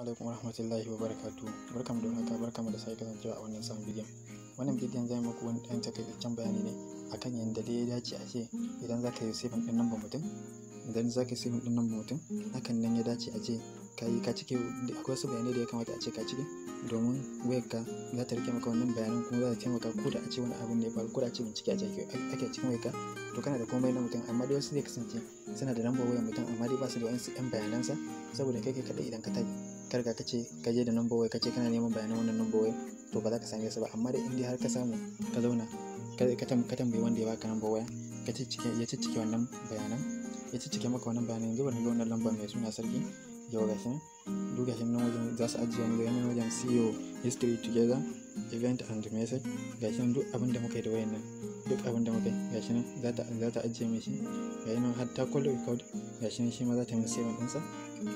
alaikum warahmatullahi barka Barkam da barka barkam da sake kasancewa a wannan sabon bidiyon. Wannan bidiyon zai muku wani ɗan takaitaccen bayani ne akan yadda dai ya dace a ce idan za ka yi saving ɗin namba mutum idan za ka yi ɗin nan mutum hakan nan ya dace a ce ka yi ka cike akwai wasu bayanai da ya kamata a ce ka cike domin wayar ka za ta rike maka wannan bayanan kuma za ta taimaka ko da a ce wani abu ne ba ko da a ce bincike ake cikin wayar ka to kana da komai na mutum amma dai wasu zai kasance suna da lambar wayar mutum amma dai ba su da wani yan bayanansa saboda kai kai kaɗai idan ka tafi ka kace ka je da lambar wayar ce kana neman bayanan wannan lambar wayar to ba za ka same su ba amma dai in dai har ka samu ka zauna ka tambayi wanda ya baka lambar wayar ya ciccike wannan bayanan ya ciccike maka wannan bayanan yanzu ba ga wannan lamba mai suna sarki geography shi nan wajen za su ajiye wani bayanan wajen CEO history together event and message shi nan duk abin da muka yi da wayan nan duk abin da muka yi shi nan za ta ajiye mai shi gashi nan har ta call record shi nan shi ma za ta yi saving ɗinsa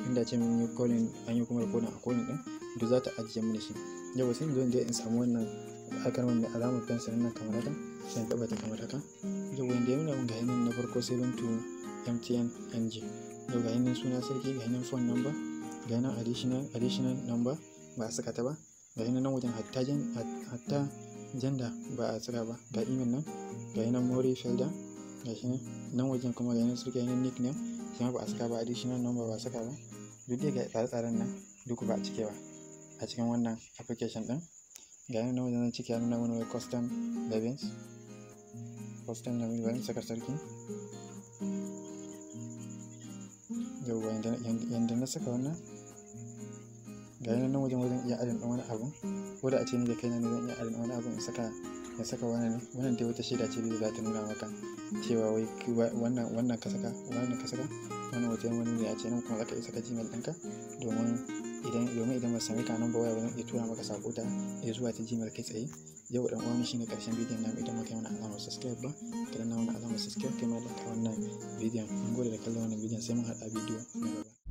inda ce mun yi calling an yi kuma recording a calling ɗin duk za ta ajiye mini shi yau sai mu zo in je in samu wannan akar wanda alamar fensirin nan kamar haka sai in tabbata kamar haka yau wanda ya nuna ga hannun na farko 72 mtn ng yau ga hannun suna sarki ga hannun phone number ga hannun additional additional number ba a saka ta ba ga hannun nan wajen hatta janda ba a saka ba ga email nan ga hannun mori felder ga shi nan wajen kuma ga hannun sarki ga hannun nickname shi ba a saka ba additional number ba a saka ba duk dai ga tsare-tsaren nan duk ba a cike ba a cikin wannan application din ga nan wajen zan ciki ya nuna mana wai custom labels custom label bayan sakar sarki yauwa yadda na saka wannan ga nan wajen wajen iya adana wani abu ko da a ce ni da kaina ne zan iya adana wani abu in saka in saka wani ne wannan dai wata shaida ce da za ta nuna maka cewa wai wannan wannan ka saka wannan ka saka wannan wajen wani ne a ce nan kuma za ka iya saka gmail ɗinka domin idan domin idan ba sami ka nan ba waya ba iya tura maka sako ta ya zuwa ta gmail kai tsaye yau dan uwa shine karshen bidiyon namu idan yi mana alamar subscribe ba ka danna mana alamar subscribe kai ma da wannan bidiyon mun gode da kallon wannan bidiyon sai mun haɗa bidiyo na gaba